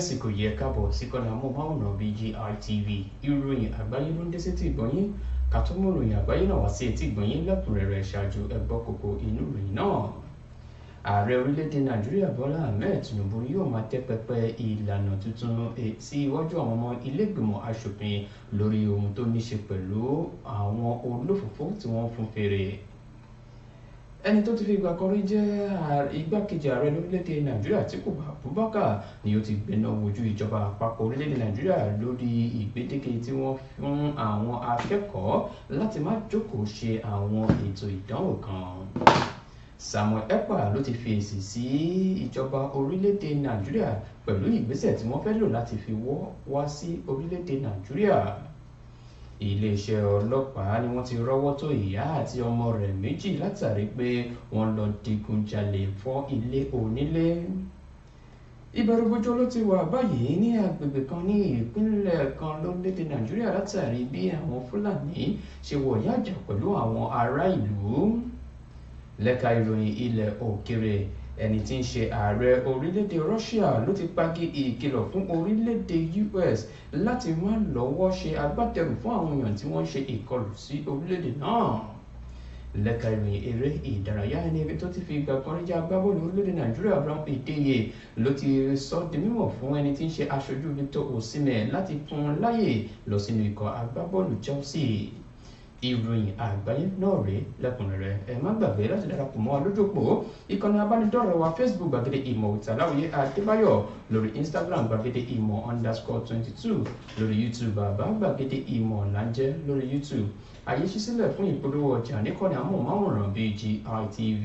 àsìkò yẹ káàbọ̀ sí kọ́nà amóhùnmáwòrán BGI TV ìròyìn àgbáyé ló ń dé sí ti ìgbọ̀nyín kàtúmọ̀ ìròyìn àgbáyé náà wá sí etí ìgbọ̀nyín lẹ́kùnrẹ́rẹ́ ṣáájú ẹgbọ́ kòkó inú ìròyìn náà. ààrẹ orílẹ̀-èdè nàìjíríà bọ́lá ahmed tinubu yóò máa tẹ́ pẹpẹ ìlànà tuntun e, sí iwájú àwọn ọmọ ilégbìmọ̀ asòfin lórí ohun tó ní ẹni tó ti fi ìgbà kan rí jẹ́ igbákejì ààrẹ lórílẹ̀‐èdè nàìjíríà Atiku Abubakar ni ó ti gbẹ̀nà wojú ìjọba àpapọ̀ orílẹ̀‐èdè nàìjíríà lórí ìgbédeke tí wọ́n fún àwọn akẹ́kọ̀ọ́ láti má jókòó ṣe àwọn ètò ìdánwò kan. Samuel Ekpa ló ti fi èsì sí ìjọba orílẹ̀‐èdè nàìjíríà pẹ̀lú ìgbésẹ̀ tí wọ́n fẹ́ lò láti fi wọ́ wá sí orílẹ̀‐èdè nàìjíríà iléeṣẹ́ ọlọ́pàá ni wọ́n ti rọ́wọ́ tó ìyá àti ọmọ rẹ̀ méjì látàrí pé wọ́n lọ digunjalè fọ́ ilé onílé ìbẹ̀rùbojo ló ti wà báyìí ní agbègbè kan ní ìpínlẹ̀ kan lórílẹ̀‐èdè nàìjíríà látàrí bí àwọn fúlàní ṣe wọ̀yájà pẹ̀lú àwọn ará ìlú lẹ́ka ìròyìn ilẹ̀ òkèrè ẹni tí ń ṣe ààrẹ orílẹ̀-èdè Russia ló ti pagi ìkìlọ̀ fún orílẹ̀-èdè US láti má lọ́wọ́ ṣe agbátẹrù fún àwọn èèyàn tí wọ́n ń ṣe ìkọlù sí orílẹ̀-èdè náà lẹ́ka ìròyìn eré ìdárayá ẹni ibi tó ti fi ìgbà kan rí jẹ́ agbábọ́ọ̀lù orílẹ̀-èdè nàìjíríà Abraham Ideye ló ti sọ di mímọ̀ fún ẹni tí ń ṣe aṣojú Victor Osimhen láti fún un láyè lọ sínú ikọ̀ agbábọ́ọ̀lù Chelsea ìròyìn àgbáyé náà rèé lẹ́kùnrẹ́rẹ́ ẹ má gbàgbé láti darapọ̀ mọ́ alójópò ìkànnì abánidọ́rẹ̀ẹ́ wa facebook gbàgede ìmọ̀ ìtàláwòye adébáyọ̀ lórí instagram gbàgede ìmọ̀ underscore twenty two lórí youtube bàbá gbàgede ìmọ̀ ọ̀làjẹ́ lórí youtube àyè ṣí sílẹ̀ fún ìpolówó ọjà níkànnì amóhùnmáwòrán bíi gitv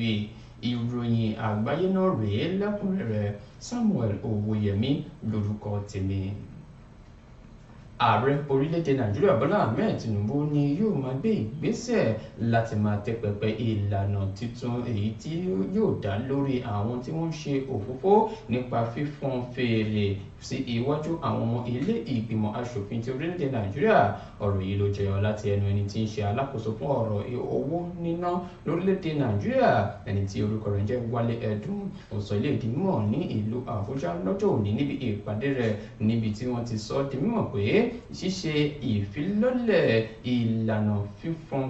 ìròyìn àgbáyé náà rèé lẹ́kùnrẹ́rẹ́ samuel owóyẹmí lórúkọ tèmi ààrẹ orílẹ̀-èdè nàìjíríà bọ́lá ahmed tinubu ni yóò máa gbé ìgbésẹ̀ láti máa tẹ pẹpẹ ìlànà tuntun èyí tí yóò dá lórí àwọn tí wọ́n ń ṣe òfófó nípa fífọ́n fèrè sí iwájú àwọn ilé ìgbìmọ̀ asòfin ti orílẹ̀-èdè nàìjíríà ọ̀rọ̀ yìí ló jẹyọ láti ẹnu ẹni tí ń ṣe alákòóso fún ọ̀rọ̀ owó níná lórílẹ̀-èdè nàìjíríà ẹni tí orúkọ rẹ̀ jẹ́ wálé ẹ̀dùn ó sọ ilé ìdí mímọ̀ ní ìlú àbújá lọ́jọ́ òní níbi ìpàdé rẹ̀ níbi tí wọ́n ti sọ di mímọ̀ pé ṣíṣe ìfilọ́lẹ̀ ìlànà fífọn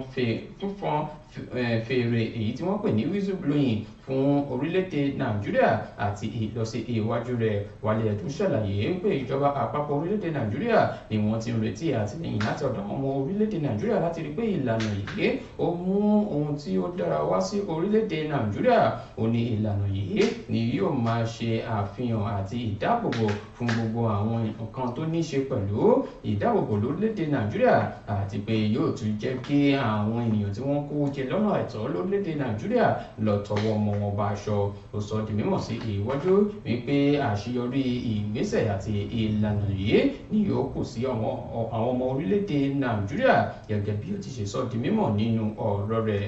Eh, fèrè èyí tí wọ́n pè ní whistleblowing fún orílẹ̀-èdè nàìjíríà àti ìlọsí iwájú rẹ̀ wálé ẹ̀dùn ṣàlàyé pé ìjọba àpapọ̀ orílẹ̀-èdè nàìjíríà ni wọ́n ti ń retí àtìlẹ́yìn láti ọ̀dọ̀ àwọn ọmọ orílẹ̀-èdè nàìjíríà láti rí pé ìlànà yìí ó mú ohun tí ó dára wá sí orílẹ̀-èdè nàìjíríà ó ní ìlànà yìí ni yóò máa ṣe àfihàn àti ìdáàbòbò fún gbogbo àwọn nǹkan tó ní ṣe pẹ̀lú ìdáàbòbò lórílẹ̀‐èdè nàìjíríà àti pé yóò tún jẹ́ kí àwọn ènìyàn tí wọ́n kó jẹ lọ́nà àìtọ́ lórílẹ̀‐èdè nàìjíríà lọ tọwọ́ ọmọ wọn bá aṣọ ó sọ di mímọ̀ sí ìwọ́jú wípé àṣeyọrí ìgbésẹ̀ àti ìlànà yìí ni yóò kù sí àwọn ọmọ orílẹ̀‐èdè nàìjíríà gẹ́gẹ́ bí ó ti ṣe sọ di mímọ̀ nínú ọ̀rọ̀ rẹ̀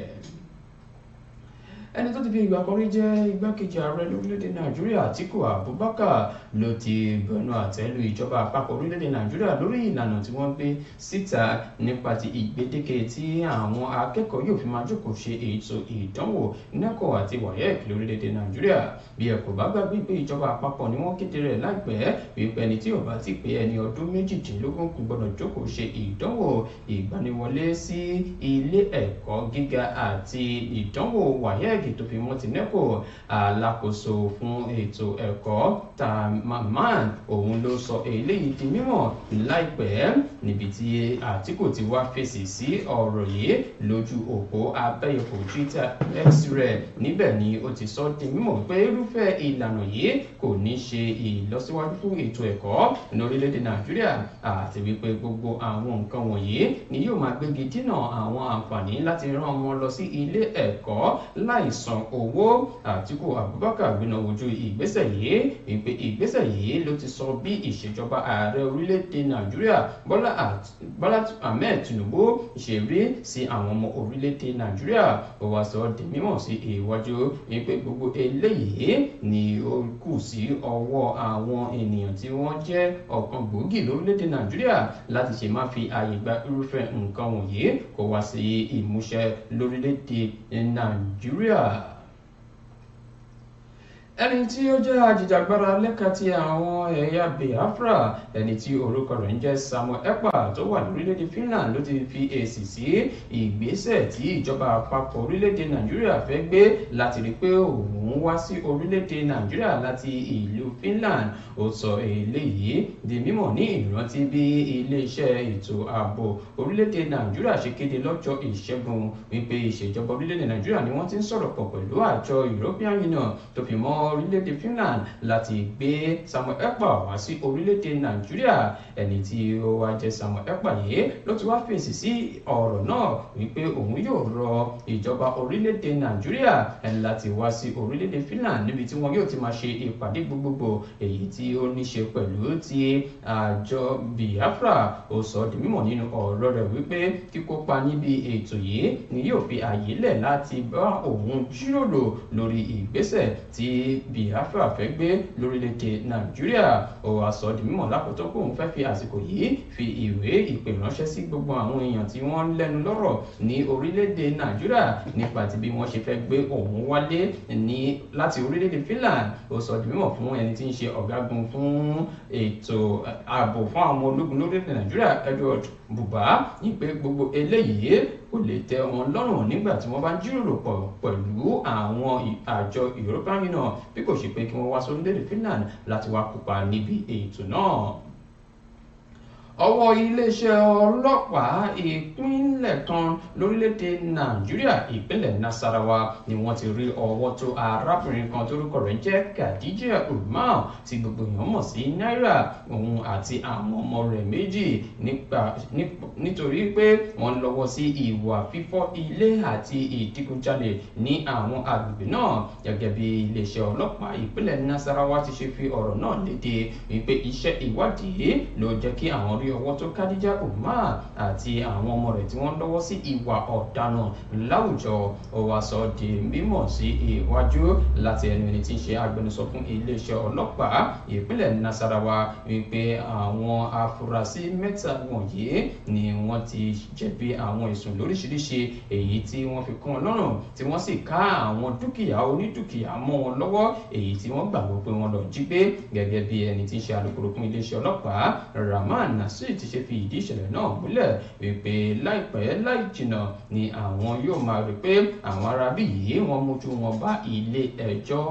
ẹni tó ti fi ìgbà kan rí jẹ́ igbákejì ààrẹ lórílẹ̀‐èdè nàìjíríà àtíkù abubakar ló ti bẹnu àtẹ́ lu ìjọba àpapọ̀ orílẹ̀‐èdè nàìjíríà lórí ìlànà tí wọ́n gbé síta nípa ti ìgbédeke tí àwọn akẹ́kọ̀ọ́ yóò fi máa jókòó ṣe ètò ìdánwò neco àti wayek lórílẹ̀‐èdè nàìjíríà bí ẹ kò bá gbàgbé pé ìjọba àpapọ̀ ni wọ́n kéde rẹ̀ láìpẹ́ wípé ẹni tí ò bá ti pé ẹni ọdún méjìdínlógún kò gbọdọ̀ jókòó ṣe ìdánwò ìgbaniwọlé sí ilé ẹ̀kọ́ gíga àti ìdánwò wayek tó fi wọ́n ti nẹ́kò alákòóso fún ètò ẹ̀kọ́ Tahman òun ló sọ eléyìí di mímọ̀ láìpẹ́ níbi tí Àtíkù ti wá fèsì sí ọ̀rọ̀ yìí lójú òpó abẹ́yẹ̀fò Twitter X rẹ̀ níbẹ̀ ni ó ti sọ di mímọ̀ pé irúfẹ́ ìlànà yìí kò ní ṣe ìlọsíwájú fún ètò ẹ̀kọ́ lórílẹ̀‐èdè Nàìjíríà àti wípé gbogbo àwọn nǹkan wọ̀nyí ni yóò máa gbégi dínà àwọn àǹfààní láti rán wọn lọ sí ilé ẹ̀kọ́ láìs san owó Àtíkù Abubakar gbéná wojú ìgbésẹ̀ yìí ìpè ìgbésẹ̀ yìí ló ti sọ bí ìṣèjọba ààrẹ orílẹ̀-èdè Nàìjíríà Bọ́lá Ahmed Tinubu ṣe rí sí àwọn ọmọ orílẹ̀-èdè Nàìjíríà ó wá sọ di mímọ̀ sí iwájú wípé gbogbo eléyìí ni ó kù sí ọwọ́ àwọn ènìyàn tí wọ́n jẹ́ ọ̀kan gbòógì lórílẹ̀-èdè Nàìjíríà láti ṣe má fi àyè gba irúfẹ́ nǹkan wọ̀nyí kó wá sí ìmúṣẹ lórílẹ̀-èdè Nàìjíríà yeah. ẹni tí ó jẹ́ ajìjàgbara lẹ́ka ti àwọn ẹ̀yà Biafra ẹni tí orúkọ rẹ̀ ń jẹ́ Samuel Ekpa tó wà lórílẹ̀‐èdè Finland ló ti fi èsì sí ìgbésẹ̀ tí ìjọba àpapọ̀ orílẹ̀‐èdè Nàìjíríà fẹ́ gbé láti rí pé òun wá sí orílẹ̀‐èdè Nàìjíríà láti ìlú Finland ó sọ eléyìí di mímọ̀ ní ìrántí bí iléeṣẹ́ ètò ààbò orílẹ̀‐èdè Nàìjíríà ṣe kéde lọ́jọ́ ìṣẹ́gun wípé ìṣèjọba orílẹ̀‐èdè Nàìjíríà ni wọ́n ti European Union tó orílẹ̀-èdè Finland láti gbé Samuel Ekpa wá sí orílẹ̀-èdè Nàìjíríà ẹni tí ó wá jẹ́ Samuel Ekpa yìí ló ti wá fèsì sí ọ̀rọ̀ náà wípé òun yóò rọ ìjọba orílẹ̀-èdè Nàìjíríà ẹni láti wá sí orílẹ̀-èdè Finland níbi tí wọn yóò ti máa ṣe ìpàdé gbogbogbò èyí tí ó ní ṣe pẹ̀lú ti àjọ Biafra ó sọ di mímọ̀ nínú ọ̀rọ̀ rẹ̀ wípé kíkópa níbi ètò yìí ni yóò fi àyè lẹ̀ láti bá òun jíròrò lórí ìgbésẹ̀ tí Biafra fẹ́ gbé lórílẹ̀‐èdè Nàìjíríà ó wá sọ di mímọ̀ lákòótọ́ pé òun fẹ́ fi àsìkò yìí fi ìwé ìpè ránṣẹ́ sí gbogbo àwọn èèyàn tí wọ́n ń lẹ́nu lọ́rọ̀ ní orílẹ̀‐èdè Nàìjíríà nípa ti bí wọ́n ṣe fẹ́ gbé òun wálé ní láti orílẹ̀‐èdè Finland ó sọ di mímọ̀ fún ẹni tí ń ṣe ọ̀gágun fún ètò ààbò fún àwọn ológun lórílẹ̀‐èdè Nàìjíríà Edward bùbá ìpè gbogbo eléyìí kò lè tẹ́ wọn lọ́rùn nígbà tí wọ́n bá ń jíròrò pọ̀ pẹ̀lú àwọn àjọ European Union bí kò ṣe pé kí wọ́n wá sórílẹ̀-èdè Finland láti wá kópa níbi ètò náà ọwọ́ iléeṣẹ́ ọlọ́pàá ìpínlẹ̀ kan lórílẹ̀‐èdè nàìjíríà ìpínlẹ̀ nasarawa ni wọ́n ti rí ọwọ́ tó arábìnrin kan torúkọ rẹ̀ jẹ́ khadija umar tí gbogbo èèyàn mọ̀ sí náírà òun àti àwọn ọmọ rẹ̀ méjì nítorí pé wọ́n lọ́wọ́ sí ìwà fífọ́ ilé àti ìdígunjalè ní àwọn agbègbè náà gẹ́gẹ́ bí iléeṣẹ́ ọlọ́pàá ìpínlẹ̀ nasarawa ti ṣe fi ọ̀rọ̀ náà léde wípé iṣẹ́ ìwádìí bí ọwọ́ tó Khadija Umar àti àwọn ọmọ rẹ̀ tí wọ́n lọ́wọ́ sí ìwà ọ̀daràn láwùjọ ó wá sọ di mímọ̀ sí iwájú láti ẹnu ẹni tí ń ṣe agbẹnusọ fún iléeṣẹ́ ọlọ́pàá ìpínlẹ̀ Nasarawa wípé àwọn afurasí mẹ́ta wọ̀nyí ni wọ́n ti jẹ̀bi àwọn ẹ̀sùn lóríṣiríṣi èyí tí wọ́n fi kàn lọ́rùn tí wọ́n sì ká àwọn dúkìá onídùkìá mọ́ wọn lọ́wọ́ èyí tí wọ́n gbàgbọ́ pé wọ́n lọ jí gbé gẹ́gẹ́ bí ẹni tí ń ṣe alukoro fún iléeṣẹ́ ọlọ́pàá Rahman Nas sì ti ṣe fi ìdí ìṣẹ̀lẹ̀ náà múlẹ̀ wípé láìpẹ́ láì jìnnà ni àwọn yóò máa rí pé àwọn arábí yìí wọ́n mójú wọn bá ilé ẹjọ́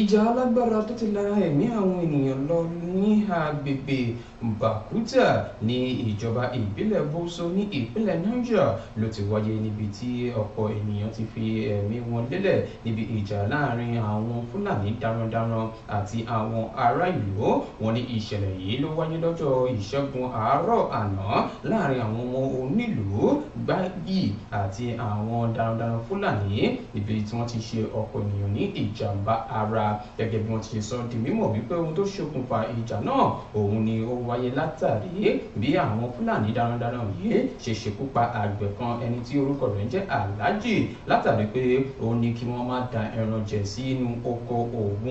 ìjà alágbára tó ti la ẹ̀mí àwọn ènìyàn lọ ní agbègbè Bakuta ní ìjọba ìbílẹ̀ Boso ní ìpínlẹ̀ Niger ló ti wáyé níbi tí ọ̀pọ̀ ènìyàn ti fi ẹ̀mí wọn lélẹ̀ níbi ìjà láàrin àwọn Fúlàní darandaran àti àwọn ará ìlú wọn ní ìṣẹ̀lẹ̀ yìí ló wáyé lọ́jọ́ ìṣẹ́gun àárọ̀ àná láàrin àwọn ọmọ onílùú gbági àti àwọn darandaran Fúlàní níbi tí wọ́n ti ṣe ọ̀pọ̀ ènìyàn ní ìjàmbá ara gẹ́gẹ́ bí wọ́n ti ṣe sọ di mímọ̀ wípé wáyé látàrí bí àwọn fúlàní darandaran yìí ṣe ṣekú pa àgbẹ̀ kan ẹni tí orúkọ rẹ̀ ń jẹ́ aláàjì látàrí pé ó ní kí wọ́n má da ẹran jẹ sínú oko òun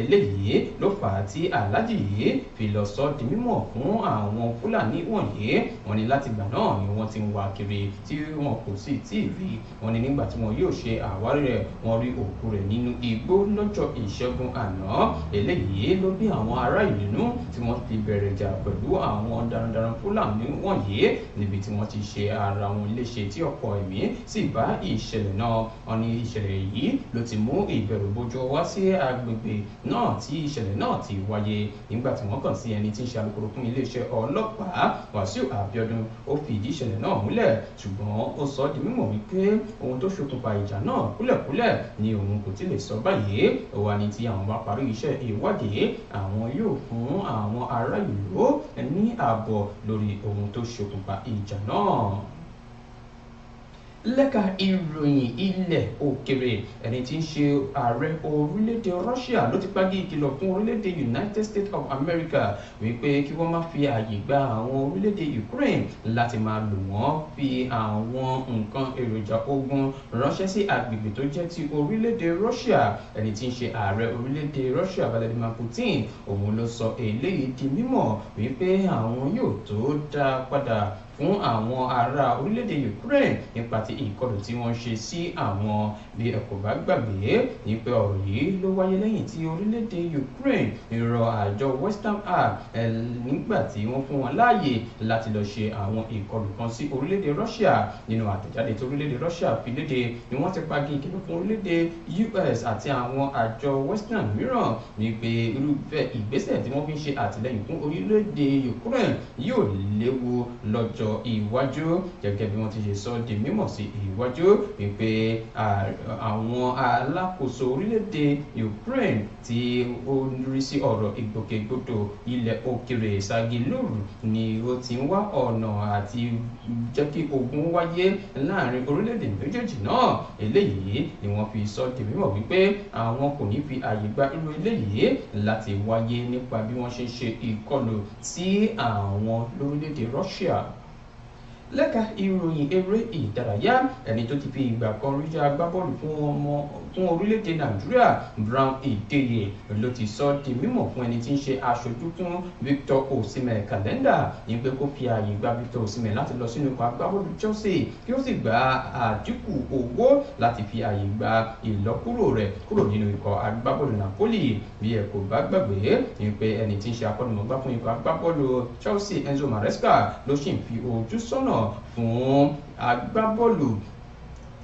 eléyìí ló fà á tí aláàjì yìí fi lọ sọ di mímọ̀ fún àwọn fúlàní wọ̀nyí wọ́n ní láti ìgbà náà ni wọ́n ti ń wá kiri tí wọn kò sì tí ì rí wọ́n ní nígbà tí wọn yóò ṣe àwárí rẹ̀ wọ́n rí òkú rẹ̀ nínú igbó lọ́jọ́ ìṣẹ́gun àná eléyìí ló bí àwọn ará ìlú tí wọ́n ti bẹ̀rẹ̀ jà pẹ̀lú àwọn darandaran fúlàní wọ̀nyí níbi tí wọ́n ti ṣe ara wọn léṣe tí ọ̀pọ̀ ẹ̀mí sì bá ìṣẹ̀lẹ̀ náà wọn ní ìṣẹ̀lẹ̀ yìí ló ti mú ìbẹ̀rùbojo wá sí agbègbè náà tí ìṣẹ̀lẹ̀ náà ti wáyé nígbà tí wọ́n kàn sí ẹni tí ń ṣe alukoro fún iléeṣẹ́ ọlọ́pàá Wàsíù Àbíọ́dún ó fìdí ìṣẹ̀lẹ̀ náà múlẹ̀ ṣùgbọ́n ó sọ ọ́ di mímọ̀ wípé ohun tó ṣokùnfà ìjà náà kúlẹ̀kúlẹ̀ ni òun kò tí lè sọ báyìí ó wà ní tí àwọn bá parí iṣẹ́ ìwádìí àwọn yóò fún àwọn ará ìlú ẹ̀ní ààbò lórí ohun tó ṣokùnfà ìjà náà lẹ́ka ìròyìn ilẹ̀ òkèrè ẹni tí ń ṣe ààrẹ orílẹ̀-èdè Russia ló ti pagi ìkìlọ̀ fún orílẹ̀-èdè United States of America wípé kí wọ́n má fi ààyè gba àwọn orílẹ̀-èdè Ukraine láti máa lò wọ́n fi àwọn nǹkan èròjà ogun ránṣẹ́ sí agbègbè tó jẹ́ ti orílẹ̀-èdè Russia ẹni tí ń ṣe ààrẹ orílẹ̀-èdè Russia Vladimir Putin òun ló sọ eléyìí di mímọ̀ wípé àwọn yóò tó dá padà fún àwọn ará orílẹ̀-èdè Ukraine nípa ti ìkọlù tí wọ́n ṣe sí àwọn bí ẹ kò bá gbàgbé ní pé ọ̀rọ̀ yìí ló wáyé lẹ́yìn tí orílẹ̀-èdè Ukraine rọ àjọ Western Air nígbà tí wọ́n fún wọn láàyè láti lọ ṣe àwọn ìkọlù kan sí orílẹ̀-èdè Russia nínú àtẹ̀jáde tí orílẹ̀-èdè Russia fi léde ni wọ́n ti pagi ìkìlọ̀ fún orílẹ̀-èdè US àti àwọn àjọ Western mìíràn ní pé irúfẹ́ ìgbésẹ̀ tí wọ́n fi ń ṣe àtìlẹ́yìn fún orílẹ̀-èdè Ukraine yóò léwu lọ́jọ́ lọ́jọ́ iwájú gẹ́gẹ́ bí wọ́n ti ṣe sọ di mímọ̀ sí iwájú wípé àwọn alákòóso orílẹ̀-èdè Ukraine tí ó ń rí sí ọ̀rọ̀ ìgbòkègbodò ilẹ̀ òkèrè sagilóru ni ó ti ń wá ọ̀nà àti jẹ́ kí ogun wáyé láàrin orílẹ̀-èdè méjèèjì náà eléyìí ni wọ́n fi sọ di mímọ̀ wípé àwọn kò ní fi àyè gba irú eléyìí láti wáyé nípa bí wọ́n ṣe ń ṣe ìkọlù sí àwọn lórílẹ̀-èdè Russia lẹ́ka ìròyìn eré ìdárayá ẹni tó ti fi ìgbà kan rí jẹ́ agbábọ́ọ̀lù fún ọmọ fún orílẹ̀-èdè nàìjíríà brown ìdèyẹ ló ti sọ di mímọ̀ fún ẹni tí ń ṣe aṣojú fún victor osimhen kàlẹ́ndà ìgbẹ́ kó fi ààyè gba victor osimhen láti lọ sínú ikọ̀ agbábọ́ọ̀lù chelsea kí ó sì gba àdínkù owó láti fi ààyè gba ìlọkúrò rẹ̀ kúrò nínú ikọ̀ agbábọ́ọ̀lù napoli bí ẹ kò bá gbàgbé ìpè ẹni tí ń ṣe akọ́nimọ̀gbá fún ikọ̀ agbábọ́ọ̀lù chelsea enzo maresca ló sì ń fi ojú sọ́nà náà fún agbábọ́ọ̀lù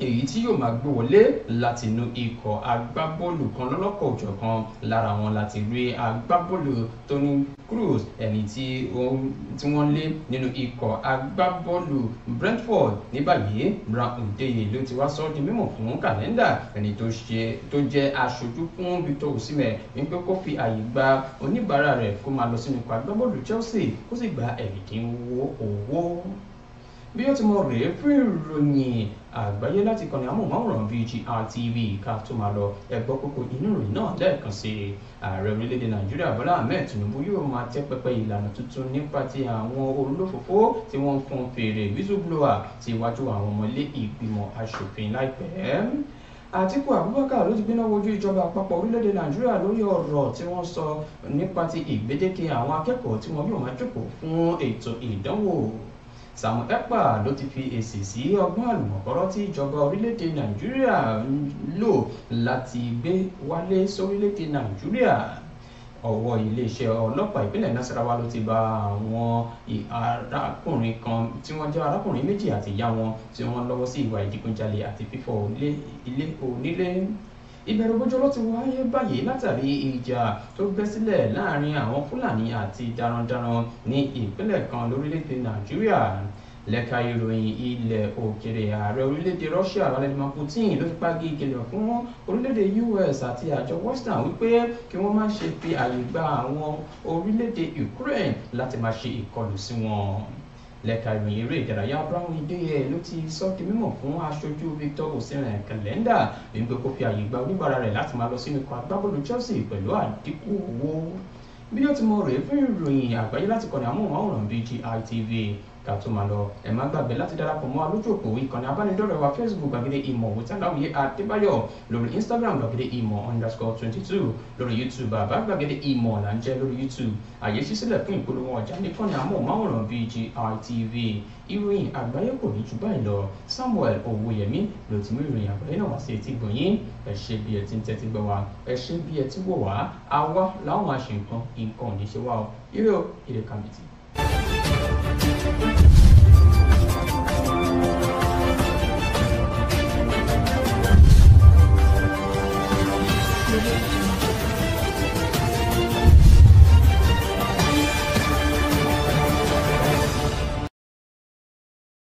èyí tí yóò máa gbé wọlé láti inú ikọ̀ agbábọ́ọ̀lù kan lọ́lọ́kọ̀ òjọ̀kan lára wọn láti rí agbábọ́ọ̀lù Toni Kroos ẹni tí wọ́n lé nínú ikọ̀ agbábọ́ọ̀lù Brentford ní báyìí Brown Odeye ló ti wá sọ́ di mímọ̀ fún kàlẹ́ndà ẹni tó jẹ́ aṣojú fún Victor Osimhen wípé kó fi àyè gba oníbàárà rẹ̀ kó máa lọ sínú ikọ̀ agbábọ́ọ̀lù Chelsea kó sì gba ẹ̀rí kí n wo owó bí ó ti mọ rèé fún ìròyìn àgbáyé láti kànnì amóhùnmáwòrán BGI TV ká tó máa lọ ẹgbọ́ kókó inú ìròyìn náà lẹ́ẹ̀kan sí i ààrẹ orílẹ̀-èdè nàìjíríà bọ́lá ahmed tinubu yóò máa tẹ́ pẹpẹ ìlànà tuntun nípa ti àwọn olólòfófó tí wọ́n ń fún fèrè whistleblower ti iwájú àwọn ọmọlé ìgbìmọ̀ asòfin láìpẹ́ àtíkù abubakar ló ti gbéná wojú ìjọba àpapọ̀ orílẹ̀-èdè nàìjíríà lórí ọ̀rọ̀ tí wọ́n sọ nípa ti ìgbédeke àwọn akẹ́kọ̀ọ́ tí wọ́n yóò máa jókòó fún ètò ìdánwò Samuel Ekpa ló ti fi èsì sí ọgbọ́n àlùmọ̀kọ́rọ́ tí ìjọba orílẹ̀-èdè Nàìjíríà ń lò láti gbé wálé sórílẹ̀-èdè Nàìjíríà ọwọ́ iléeṣẹ́ ọlọ́pàá ìpínlẹ̀ Nasarawa ló ti bá àwọn arákùnrin kan tí wọ́n jẹ́ arákùnrin méjì àti ìyá wọn tí wọ́n lọ́wọ́ sí ìwà ìdígunjalè àti fífọ́ ilé onílé ìbẹ̀rùbojo ló ti wáyé báyìí látàrí ìjà tó bẹ́ sílẹ̀ láàrin àwọn fúlàní àti darandaran ní ìpínlẹ̀ kan lórílẹ̀‐èdè nàìjíríà lẹ́ka ìròyìn ilẹ̀ òkèrè ààrẹ orílẹ̀-èdè Russia Vladimir Putin ló fi pagi ìkìlọ̀ fún orílẹ̀-èdè US àti àjọ Western wípé kí wọ́n má ṣe fi àyè gba àwọn orílẹ̀-èdè Ukraine láti má ṣe ìkọlù sí wọn lẹ́ka ìròyìn eré ìdárayá Brown Ideye ló ti sọ di mímọ̀ fún aṣojú Victor Osimhen kẹlẹ́ndà èyí pé kó fi àyè gba oníbàárà rẹ̀ láti máa lọ sínú ikọ̀ agbábọ́ọ̀lù Chelsea pẹ̀lú àdínkù owó bí ó ti mọ rèé fún ìròyìn àgbáyé láti kọ́ni amóhùnmáwòrán BGI TV ká tó máa lọ ẹ má gbàgbé láti darapọ̀ mọ́ alójú òpó ìkànnì abánidọ́rẹ̀ẹ́ wa facebook gbàgede ìmọ̀ òwútàláwìyé adébáyọ̀ lórí instagram gbàgede ìmọ̀ underscore twenty two lórí youtube bàbá gbàgede ìmọ̀ là ń jẹ́ lórí youtube àyè sísílẹ̀ fún ìpolówó ọjà níkànnì amóhùnmáwòrán BGITV ìròyìn àgbáyé kò ní jù báyìí lọ samuel owóyẹmí ló ti mú ìròyìn àgbáyé náà wá sí etí gbòyìn ẹ ṣé bí ẹ ti ń tẹ́tí gbọ́ wá ẹ ṣé bí ẹ ti wò wá àwa láwọn àṣẹ nǹkan nǹkan ò ní ṣe wá o ire o ire kàmìtì. Thank you.